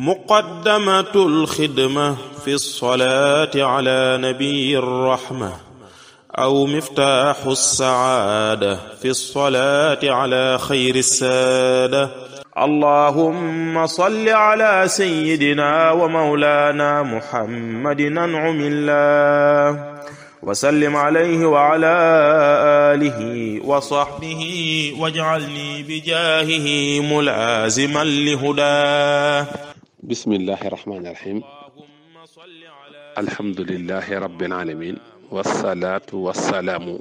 muqaddamatul xidma fi salaati ala nabiyi rahma aw miftaaxu saada fi salaati ala xayri saada. allahumma salli ala sayyidina wa mawlaana muhammadin an'amillah wa sallim alayhi wa ala alihi wa sahbihi waj'alni bijaahihi mulaaziman li hudaa bismillahi rahmaani rahim alhamdulilahi rabbil alamin wasalaatu wasalaamu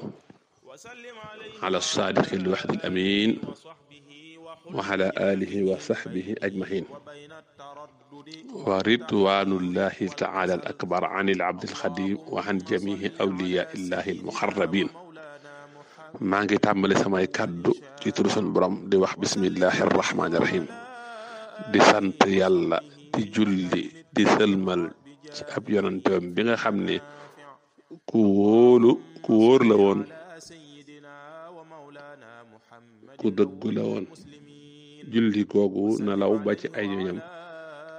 ala saadiqi lwaxdi al amin wa ala alihi wa saxbihi ajmahin wa ridwanullahi taala al akbar an al abdil xadim wa an jamihi awliyaillahi almuxarrabin maa ngi tàmbali samay kàddu ci turu sunu borom di wax bismillahi arrahmaani rahim di sant yàlla di julli di sëlmal ci ab yonanteem bi nga xam ne ku wóolu ku wóor la woon ku dëggu la woon julli googu na law ba ci ay ñoñam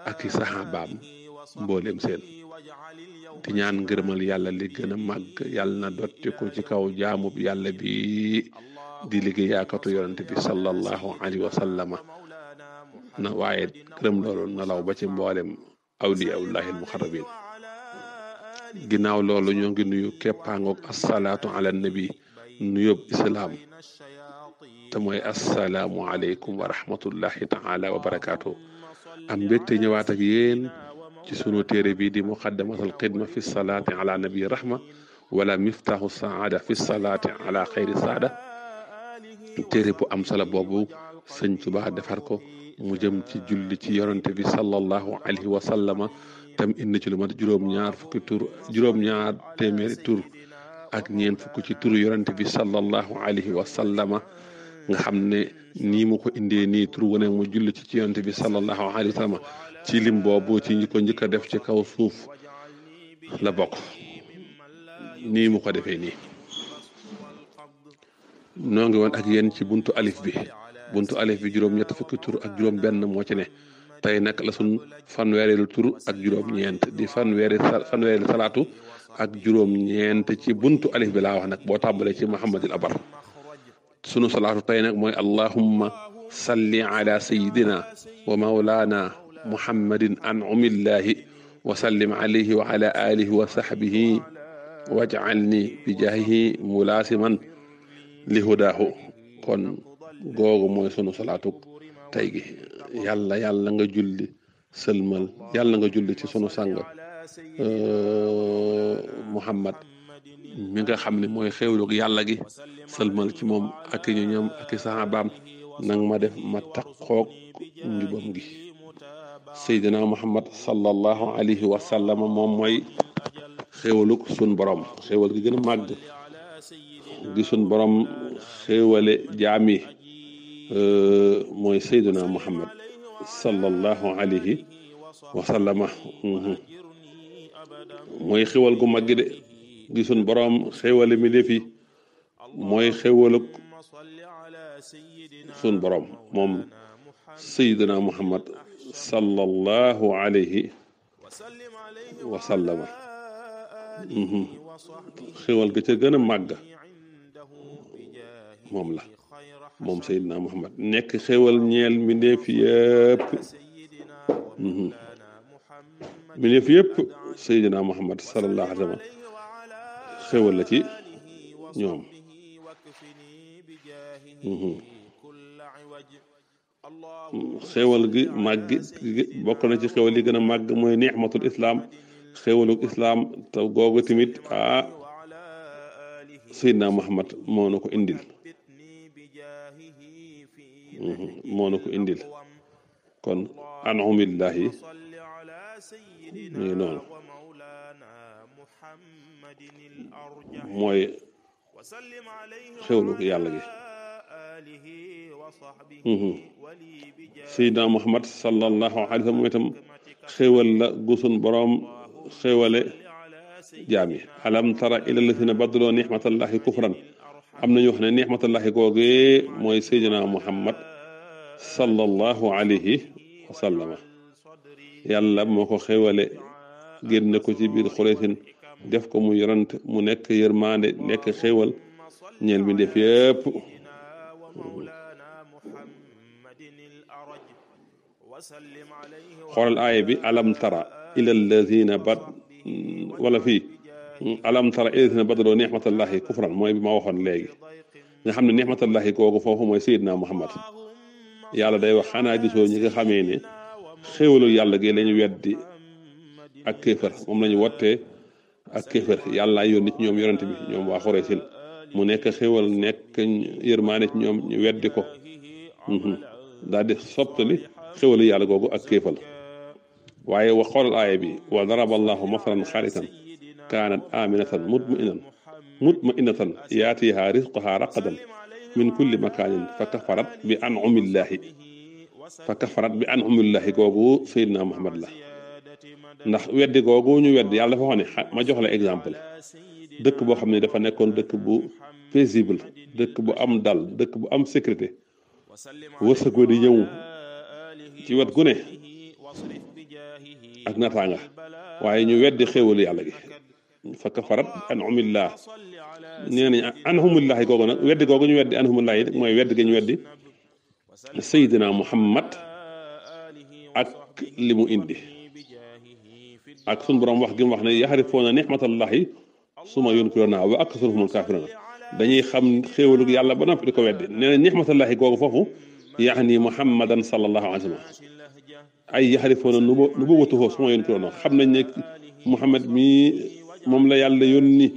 ak i saxaabaam mboolem seen di ñaan ngërëmal yàlla li gën màgg yàlla na dotti ci kaw jaamub yàlla bi di liggéeyaakatu yonante bi sallallahu alayhi wa sallama na waaye këram loolu na law ba ci mboolem awliyaullahi almuqarrabin ginnaaw loolu ñoo ngi nuyu keppaangoog assalaatu ala nabi nuyób islaam te mooy assalaamu aleykum wa rahmatullahi taala wa barakaatu am mbégte ñëwaat ak yéen ci sunu téere bi di muqaddamatul xidma fi salaati ala nabi rahma wala miftaaxu saada fi salaati ala xayri saada téere bu am sala boobu sëñ Tuubaa defar ko mu jëm ci julli ci yonante bi sallallahu alayhi wa sallama tam indi ci lu mat juróom-ñaar fukki tur juróom-ñaar téeméeri tur ak ñeent fukk ci turu yonante bi sallallahu alayhi wa sallama nga xam ne nii mu ko indee nii tur wane mu julli ci ci bi sallallahu alayhi wa ci lim boobu ci ñi ko njëkk a def ci kaw suuf la bokk nii mu ko defee nii noo ngi woon ak yéen ci buntu alif bi buntu alif bi juróom ñett fukki tur ak juróom benn moo ci ne tey nag la sun fanweereelu tur ak juróom ñeent di fanweeri fanweereelu salaatu ak juróom ñeent ci buntu alif bi laa wax nag boo tàmbalee ci muhammadil abar sunu salaatu tey nag mooy allahumma salli ala sayidina wa maulana muhammadin an umillahi wa sallim alayhi wa ala alihi wa sahbihi waj'alni bi jaahihi mulaasiman li hudaahu googu mooy sunu salaatuk tey gi yàlla yàlla nga julli sëlmal yàlla nga julli ci sunu sang euh, Muhammad mi nga xam ni mooy xéewlug yàlla gi sëlmal ci moom ak i ñu ñoom nang ma def ma takkoog njubam gi Seydina Muhammad sallallahu alayhi wa moom mooy xéewalug sun borom xéewal gi gën a màgg gi sun borom xéewale jaam Euh, mooy sayduna muhammad sallallahu alayhi wa sallama mhm. mooy xewal gu màgg de gi suñ boroom xewale mi léfi mooy xewaluk suñ boroom moom sayduna muhammad sallallahu alayhi wa sallama mhm. xewal ga ca gën a màgg moom la moom Seydina Muhammad nekk xéwal ñeel mbindeef yëpp mhm. mbindeef yëpp Seydina Muhammad sallallahu alayhi wa sallam xéwal la ci ñoom mhm. xéwal gi màgg bokk na ci xéwal yi gën a màgg mooy ni'matul islaam xéwaluk islaam te googu tamit ah Seydina Muhammad moo na ko indil Mhm. moo na ko indil kon an'umillahi mi ngi noonu mooy xewlu yàlla gi mhm. Seydina Muhammad sallallahu alayhi wa sallam mooy itam xéwal la gusun boroom xéwale jaam yi alam tara ila lazina badaloo nixmatallahi kufran am na ñu wax ne nixmatallahi googee mooy Seydina Muhammad sallallahu alayhi wa sallama yàlla moo ko xéwale génn ko ci biir xureesin def ko mu yorant mu nekk yërmande nekk xéwal ñeel mi def yëpp xoolal aaya bi alam tara ila allazina bad wala fii alam tara ila allazina badaloo nixmatallahi kufran mooy bi ma waxoon léegi nga xam ne nixmatallahi kooku foofu mooy sayidna muhammad yàlla day wax xanaa gisoo ñi nga xamee ne xéewalu yàlla gi lañu weddi ak kéefër moom lañu wattee ak kéefër yàlla yónni ci ñoom yonent ñoom waa Xuraysin mu nekk xéewal nekk yërmaane ci ñoom ñu weddi ko mhm. daal di soppali yàlla googu ak kéefal waaye wa xoolal aaya bi wa daraba allahu masalan xaaritan kaanat aminatan mutmainatan mutmainatan yaatiha risqaha raqadan min kulli makaanin fa kafarat bi anumillaahi fa kafarat bi anumillaahi googu Seydina Muhammad la ndax weddi googu ñu weddi yàlla dafa wax ne ma jox la exemple dëkk boo xam ne dafa nekkoon dëkk bu paisible dëkk bu am dal dëkk bu am sécurité wërsëgoo di ñëw ci wet gu ne ak nataanga waaye ñu weddi xéewalu yàlla gi fa kafarat bi anumillah nee nañ anhumullahi googu nag weddi googu ñu weddi anhumullahi mooy weddi gi ñu weddi Seydina Muhammad ak li mu indi ak sunu borom wax gi mu wax ne yaxrifoona nixmatallahi suma yunkiruunahaa wa aksaruhumul kaafiruun dañuy xam xéewalu yàlla ba noppi di ko weddi nee na nixmatallahi googu foofu yaani Muhammadan sallallahu alayhi wa sallam ay yaxrifoona nubuwwatahu suma yunkiruunahaa xam nañ ne Muhammad mii moom la yàlla yónni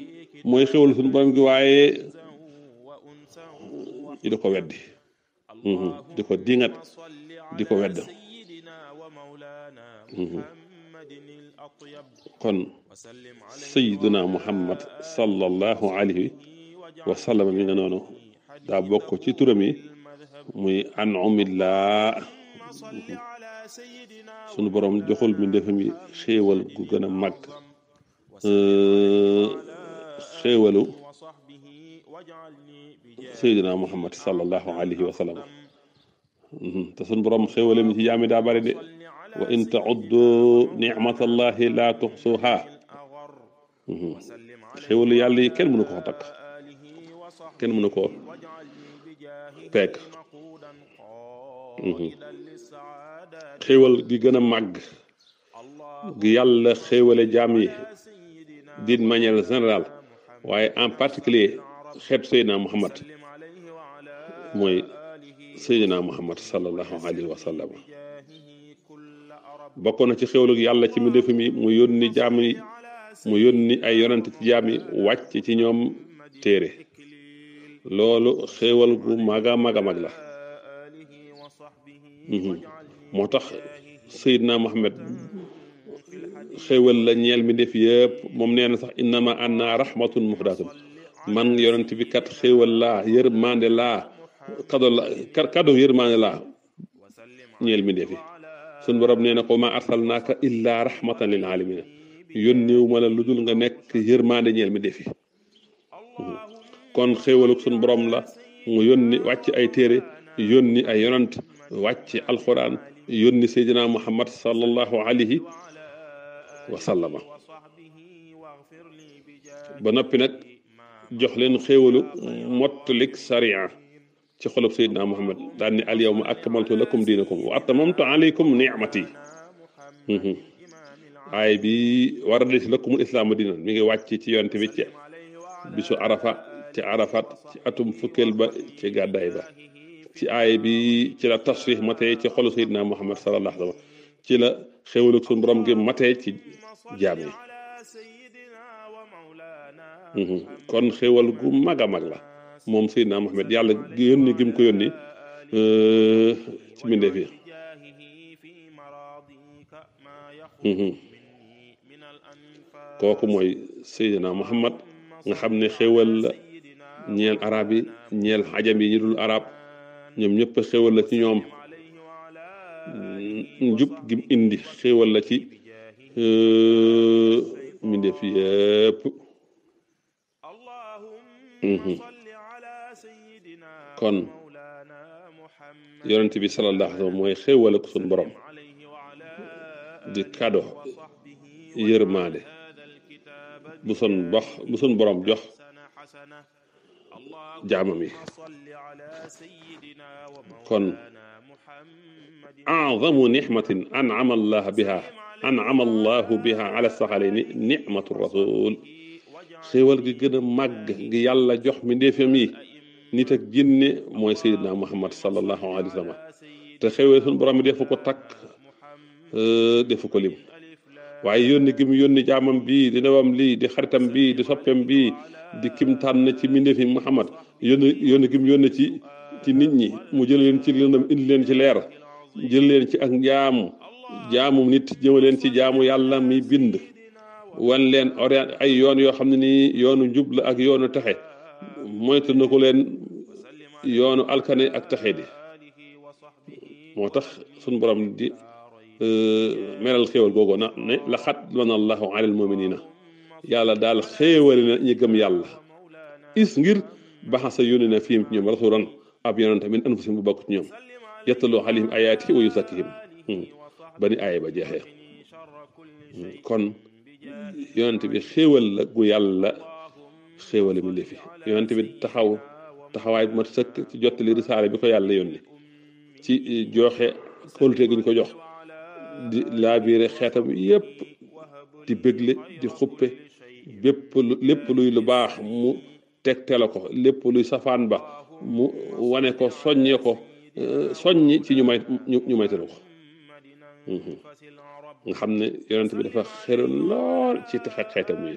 mooy xéwal suñu borom gi waaye di ko weddi mhm. di ko dingat di ko wedd mhm. kon sayiduna muhammad sallallahu alayhi wa mi nga noonu daa bokk ci turam yi muy anumillah sunu borom joxul mi ndefam yi xéewal gu xéewalu seydina muhammad sallallahu alayhi wa sallam mhm. te sun borom xéewale mi ci jaami daa bari de wa in tauddu nicmatallahi laa tuxsuha mhm. xéewalu yàlla yi kenn mënu koo takk kenn mënu koo peek mhm. xéewal gi gën a màgg gi yàlla xéewale jaam yi d'une manière générale waaye en particulier xeet Seydina Muhammad mooy Seydina Muhammad sallallahu alayhi wa sallam na ci xéwlu yàlla ci mbindeef mi mu yónni jaam yi mu yónni ay yonent ci jaam yi wàcc ci ñoom téere loolu xéewal gu mag a mag mhm. moo tax Seydina Muhammad xéwal la ñeel mi def yëpp moom nee na sax innama anna rahmatun muhdatun man yonent bi kat xéwal laa yërmande laa la kado yërmande laa ñeel mi def sun borom nee ko ma arsalnaaka illa rahmatan lil alamina yónneewu ma la lu nga nekk yërmande ñeel mi def yi kon xéwaluk sun borom la mu yónni wàcc ay téere yónni ay yonant wàcc alquran yónni seydina muhammad sallallahu alayhi wa ba noppi nag jox leen xéewalu mottalik sariya ci xolub Seydina Muhammad daan ne al yawma akmaltu lakum diinakum wa atmamtu alaykum ni'mati mhm. aay bi war a des lakumul islaamu diinan mi ngi wàcc ci yonte bi ci arafa ci arafat ci atum fukkeel ba ci gàddaay ba ci aay bi ci la tasrix matee ci xolu Seydina Muhammad sallallahu alayhi ci la xéwal ak suñu borom ci jaam mhm. kon xéwal gu mag a mag la moom Seydina Muhammad yàlla yónni gim ko yónni euh, ci mbindeef mhm. mooy Seydina Muhammad nga xam ne xéwal la ñeel arab yi ñeel ajam yi arab ñoom ñëpp xéwal ci ñoom njub gim indi xéewal la ci euh, mbindeef yépp mhm. kon yonent bi sallallahu alayhi wa sallam mooy xéewal borom di kado yërmaande bu sun borom jox jaamam yi kon azamu nicmatin anama allah biha anama allahu biha ala saxaleyni nicmatu rasul xéewal gi gën a màgg gi yàlla jox mi ndéefam yi nit ak jinne mooy sayidna muhammad salallahu alayhi wa sallam te xéewal suñu borom mi defu ko takk euh, defu ko lim waaye yónni gi mu yónni jaamam bii di ndawam lii di xaritam bii di soppem bii di kim na ci mbindeef yi Muhammad yónni yónni kim yónni ci ci nit ñi mu jël leen ci indi leen ci leer jël leen ci ak jaamu jaamu nit jëma ci jaamu yàlla mi bind wan leen orient ay yoon yoo xam ne nii yoonu njub ak yoonu taxe moytu na ko leen yoonu alkane ak taxe di moo tax suñ borom di euh, melal xéwal googu na ne la xat lana allahu alal muminina yàlla daal xéewale na ñu gëm yàlla is ngir baxasa yónni na fi ci ñoom rasulan ab yonente min anfusihim bu bokk ci ñoom yettalu alayhim ayaatihi wa yuzakkihim hmm. ba ni aaya ba jeexee hmm. kon yonente bi xéewal la gu yàlla xéewale mu lifi yonente bi taxaw taxawaay bu mat sëkk ci jottali risaale bi ko yàlla yónni ci joxe kóolute gi ko jox di laabiire xeetam yépp di bégle di xuppe bépp lu lépp luy lu baax mu tegtale ko lépp luy safaan ba mu wane ko soññe ko euh, soññi ci ñu may ñu maytalu ko mhm. nga xam ne yonent bi dafa xëri lool ci texe xeetam yi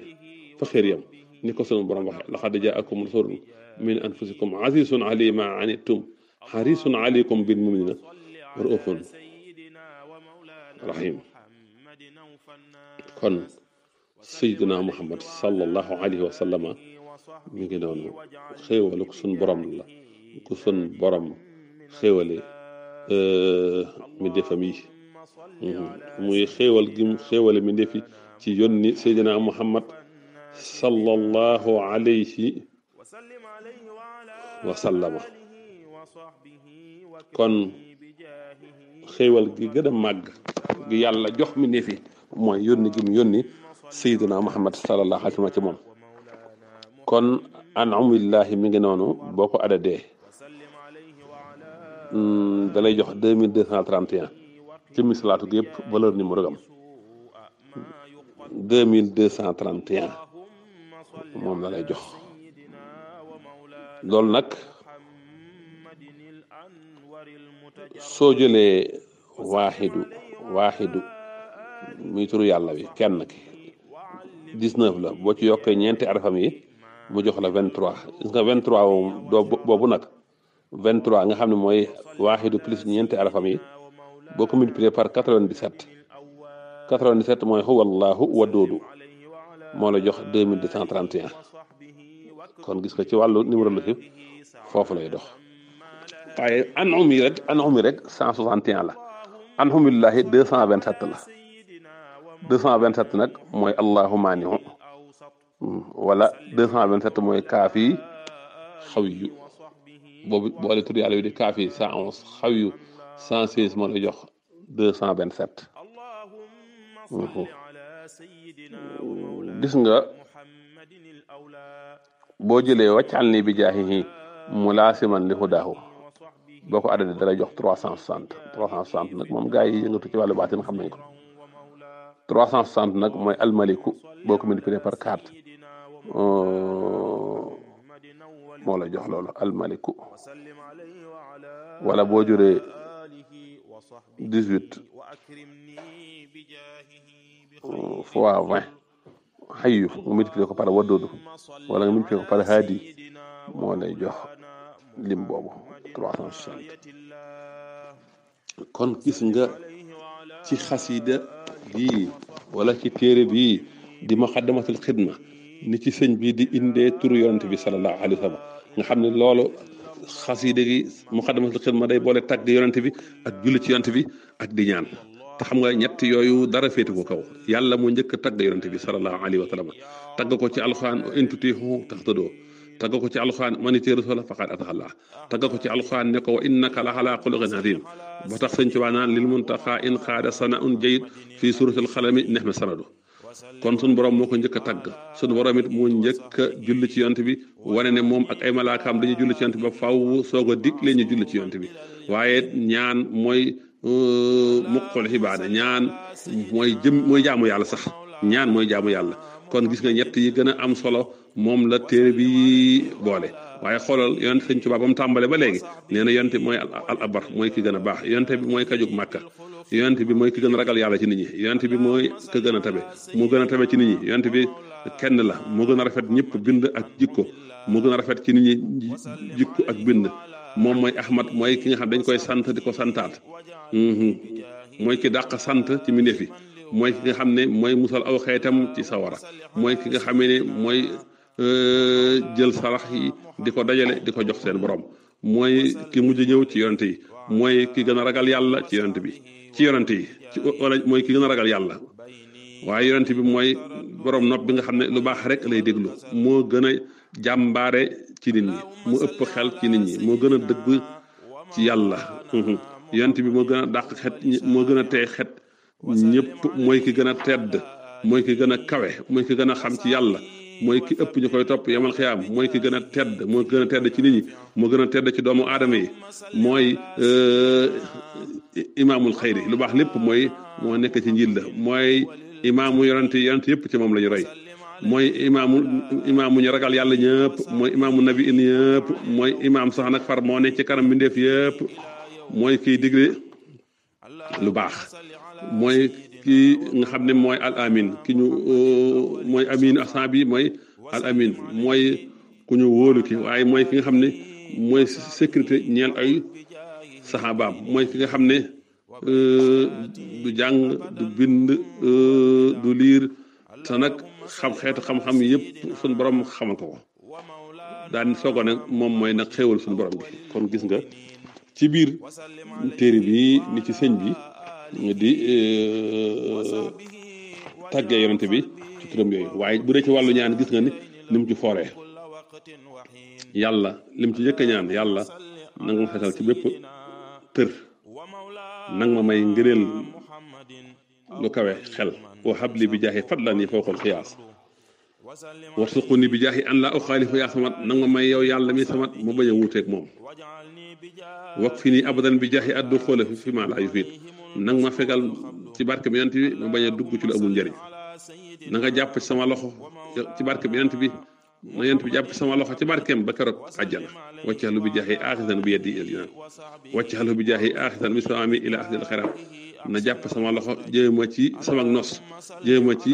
fa xëriyam ni ko sunu borom waxe laqad jaakum rasulun min anfusikum azizun alayhi ma anittum harisun alaykum bil muminina raufun rahim kon sayyiduna muhammad sallallahu alayhi wa sallama mi ngi noonu xéewal ku sun borom la ku sun borom xéewale euh, mi defam yi mm-hmm. muy xéewal gim xéewale mi defi ci yónni sayyiduna muhammad sallallahu alayhi wa sallama kon xéewal gi gën a màgg gi yàlla jox mi ne fi mooy yónni gi mu yónni sayiduna muhammad sallallahu alayhi wa sallam ci moom kon mi ngi noonu boo ko adadee mm, da jox deux mille deux cent trente gi yëpp valeur numéro gam deux mille moom la jox loolu nag soo jëlee waaxidu waaxidu muy turu yàlla bi kenn ki 19 la boo ci yokkee ñeenti arafam yi mu jox la 23 gis nga 23 moom doo boobu nag 23 nga xam ne mooy waaxidu plus ñeenti arafam yi boo ko multiplier par 97 97 mooy huwa allahu waduudu moo la jox 2231 kon gis nga ci wàllu numéro la fi foofu lay dox waaye an um yi rek an um yi rek 161 la an umillaahi 227 la deux cent vingt sept nag mooy allahu maanihu wala deux cent vingt set mooy kaafi xawiyu boobu boole tur yàlla bi di kaafi cent onze xawiyu cent seize moo lay jox deux cent vingt sept gis nga boo jëlee wàccal ni bi jaahihi mulaasiman li hudaahu boo ko adade dala jox trois cent soixante trois cent soixante nag moom gaa yi yëngatu ci wàllu baatin xam nañ ko trois cent soixante nag mooy almaliku boo ko multiplié par quatre oh, moo la jox loolu almaliku wala boo juree dix huit oh, fois vingt xayu nga multiplié ko par waddoodu wala nga multiplié ko par haadi moo lay jox lim boobu kon gis nga ci xasida bii wala ci téere bi di muqaddamatul xidma ni ci sëñ bi di indee tur yonent bi sallallahu alayhi wa sallam nga xam ne loolu xasida gi muqaddamatul xidma day boole tagg yonent bi ak julli ci yonent bi ak di ñaan te xam nga ñett yooyu dara féete ko kaw yàlla moo njëkk tagg yonent bi sallallahu alayhi wa sallam tagg ko ci alxuraan intuti tax tëddoo tagga ko ci alxuraan man itti rasula faqad ataxalla tagga ko ci alxuraan ne ko wa innaka la ala xuluqin azim ba tax sëñ Tuubaa naan lil muntaxa in xaada sanaun jayid fii suratil xalami neex ma sanadu kon sunu borom moo ko njëkk a tagg sunu borom it njëkk a julli ci yont bi wane ne moom ak ay malaakaam dañuy julli ci yont bi ba faw soog a dikk leen ñu julli ci yont bi waaye ñaan mooy mu muqul xibaada ñaan mooy jëm mooy jaamu yàlla sax ñaan mooy jaamu yàlla kon gis moom la téere bi boole waaye xoolal yonent sëñ Tuubaa ba mu tàmbale ba léegi nee na yonent bi mooy al abar mooy ki a baax yonent bi mooy ka jóg màkka yonent bi mooy ki gën a ragal yàlla ci nit ñi yonent bi mooy ka gën a tabe moo gën a tabe ci ni ñi yonent bi kenn la moo gën a rafet ñëpp bind ak jikko moo gën a rafet ci nit ñi jikko ak bind moom mooy Ahmad mooy ki nga xam dañ koy sant di ko santaat mhm. mooy ki dàq sant ci mbindeef yi mooy ki nga xam ne mooy musal aw xeetam ci sawara mooy ki nga xamee ne mooy jël sarax yi di ko dajale di ko jox seen borom mooy ki mujj ñëw ci yonent yi mooy ki gën a ragal yàlla ci yonent bi ci yonent yi mooy ki ragal yàlla waaye yonent bi mooy boroom nopp bi nga xam ne lu baax rek lay déglu moo gën a jàmbaare ci nit ñi mu ëpp xel ci nit ñi moo gën a dëgg ci yàlla yonent bi moo gën a dàq xet moo gën tey xet ñëpp mooy ki gën a tedd mooy ki gën a kawe mooy ki gën a xam ci yàlla mooy ki ëpp ñu koy topp yamal xiyaam mooy ki gën a tedd mooy gën a tedd ci nit ñi moo gën a tedd ci doomu aadama yi mooy euh, imaamul xayri lu baax lépp mooy moo nekk ci njiit la mooy imaamu yorante yorante yëpp ci moom lañu rey roy mooy imaamu imaamu ñu ragal yàlla ñëpp mooy imaamu nabi in ñëpp mooy imaam sax nag far moo ne ci kanam mbindeef yëpp mooy kiy digle lu baax mooy ki nga xam ne mooy al amin ki ñu euh, mooy amin asan bi mooy al amin mooy ku ñu wóolu ki waaye mooy ki nga xam ne mooy sécurité ñeel ay baam mooy ki nga xam ne euh, du jàng du bind euh, du liir te nag xam xeetu xam-xam yëpp suñ borom xamal ko ko daan soogo nag moom mooy nag xéewal suñu borom gi kon gis nga ci biir téere bi ni ci sëñ bi di eh, eh, tàggee yonent bi ci turam yooyu waaye bu dee ci wàllu ñaan gis nga ni ni ci fooree yàlla lim ci njëkk ñaan yàlla nanga ma ci bépp tër nanga ma may ngëneel lu kawe xel wa habli bi jaaxi fadlan yi fawqal xiyaas warsuqu ni bi jaaxi an laa uxaalifa yaa samat nanga ma may yow yàlla mi samat ma bañ a wuuteeg moom wak fi nii abadan bi jaaxi addu xoola fi fi maa laa yufiit nang ma fegal ci barke bi yonent bi ma bañ a dugg ci lu amul njëriñ na nga jàpp sama loxo ci barke bi yonent bi na yonent bi jàpp sama loxo ci barkeem ba keroog àjjana waccaxlu bi jaaxi aaxisan bi yeddi il waccaxlu bi jaaxi aaxisan bi soami ila axdil xayraat na jàpp sama loxo jëma ci sama nos jëma ci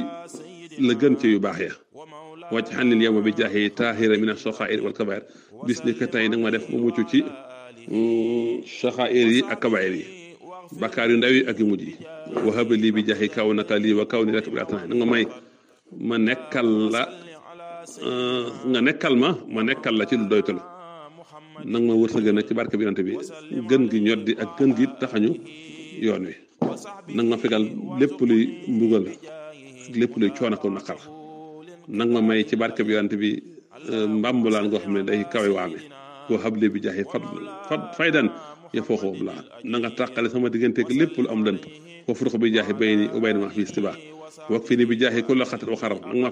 la gën ci yu baax ya wàcc xanlil yow ma bi jaaxi taahira mina soxair wal kabair bis ni ko tey nag ma def ma mucc ci mm, soxair yi ak kabair yi bakkaar yu ndaw yi ak yu mujj yi wahaba lii bi jaxi kaw naka lii wa kaw ni rek bi atana na nga may ma nekkal la euh, nga nekkal ma ma nekkal la ci lu doytalu nanga ma wërsëg nag ci barke bi yonent bi gën gi ñoddi ak gën gi taxañu yoon wi nanga ma fegal lépp luy mbugal lépp luy coono ko naqar nanga ma may ci barke bi yonent bi euh, mbambulaan goo xam ne day kawe waame wahab lii jaxi fad faydan yafooxu laa na nga tàqale sama digganteeg lépp lu am lënt foofu furq bi jaaxi bay ni ubay ma fi istibaa wak fi ni bi jaaxi kulla xatar wa xaram nanga ma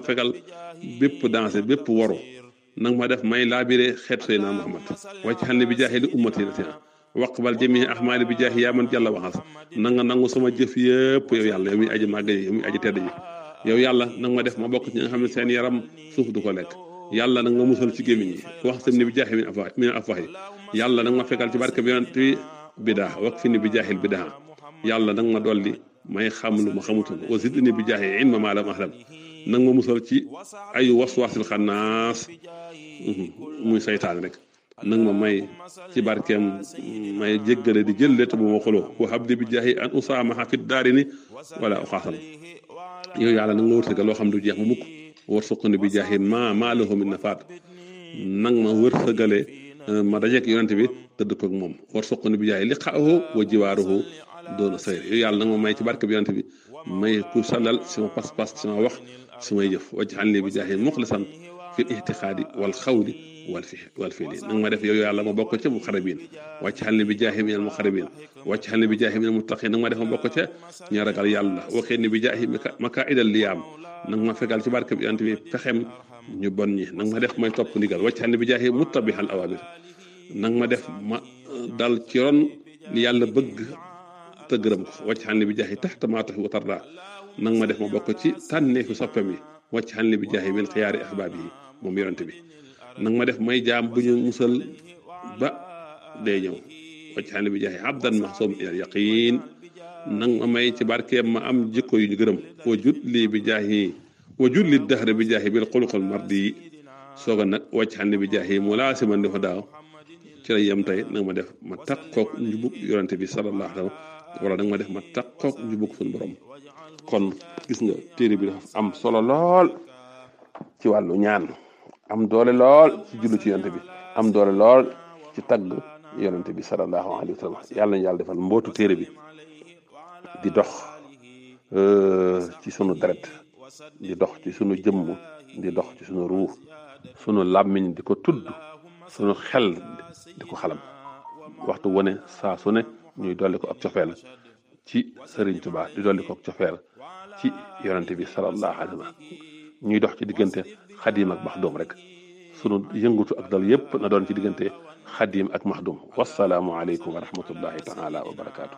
bépp dansé bépp waru nanga ma def may laabire xeet Seydina Muhammad wàcc xam ne bi jaaxi li ummati na tina waqbal jamii ahmaali bi jaaxi yaa man jàlla waxas na nga nangu sama jëf yëpp yow yàlla yow muy aji màgg yow muy aji tedd ji yow yàlla nanga ma def ma bokk ci xam ne seen yaram suuf du ko lekk yàlla nag ma musal ci gémmiñ yi wax sam ni bi jaaxi min afa min yàlla nag ma fekkal ci barke bi yonent bi bidaa wax fi ni bi jaaxil bidaa yàlla nag ma dolli may xam lu ma xamutoon wasid ni bi jaaxi in ma maalam ahlam nag ma musal ci ay waswaasil xannaas mhm, muy saytaan rek nag ma may ci barkeem may jéggale di jël létt bu ma xoloo wa habdi bi jaaxi an usaamaha fi daari ni wala uxaasal yow yàlla nag ma wërsëgal loo xam du jeex mu mukk war bi jaahi maa maa lahu min nafaat nang ma wërsëgale eh, ma dajeeg yonent bi tëdd koog moom war warzuqni bi jaahi liqaahu wa jiwaaruhu doon sayr yow yàlla nanga ma may ci barke bi yonent bi may ku sallal sama pas-pas sama wax samay jëf waj'alni bi la muxlisan fil ixtixaadi wal xawli wal fi wal fili nanga ma def yow yàlla ma bokk ca mu xarabin wàcc xal ni bi jaahi minal muqarrabin wàcc xal ni bi jaahi minal muttaqin nanga ma def ma bokk ca ña ragal bi jaahi maka idal liyaam nanga ma fegal ci barke bi yonent bi pexem ñu bon ñi nanga ma def may topp ndigal wàcc xal ni bi jaahi muttabihal awaamir nanga ma def ma eh, dal ci ron yàlla bëgg te gërëm ko wàcc xal ni bi jaahi taxta maa tuhibbu wa tardaa nanga ma def ma bokk ci tànneeku soppam yi wàcc xan li bi jaaxi min xiyaari ahbaab yi moom yonante bi nanga ma def may jaam bu ñu musal ba dee ñëw wàcc xan li bi jaaxi abdan mahsum ilal yaqin nag ma may ci barkeem ma am jikko yu ñu gërëm wa jut lii bi jaaxi wa jut li daxre bi jaaxi bil xuluqal mardi sooga nag wàcc xan li bi jaaxi mu laa si man dafa daaw ci la yem tey nag ma def ma takkook njubug yonante bi sallallahu alayhi wala nag ma def ma takkook njubug suñu borom kon gis nga téere bi dafa am solo lool ci wàllu ñaan am doole lool ci jullu ci yonent bi am doole lool ci tagg yonent bi sallallahu alayhi wa sallam yàlla nañu yàlla defal mbootu téere bi di dox euh, ci sunu deret di dox ci sunu jëm di dox ci sunu ruux sunu làmmiñ di ko tudd sunu xel di ko xalam waxtu wane saa su ne ñuy doole ko ab cofeel ci sëriñ Tuubaa di dolli kook cofeel ci yonente bi sallallahu alayhi wa ñuy dox ci diggante xadiim ak maxdum rek sunu yëngutu ak dal yépp na doon ci diggante xadiim ak maxdum wasalaamu aleykum wa rahmatullahi taala wa barakaatu.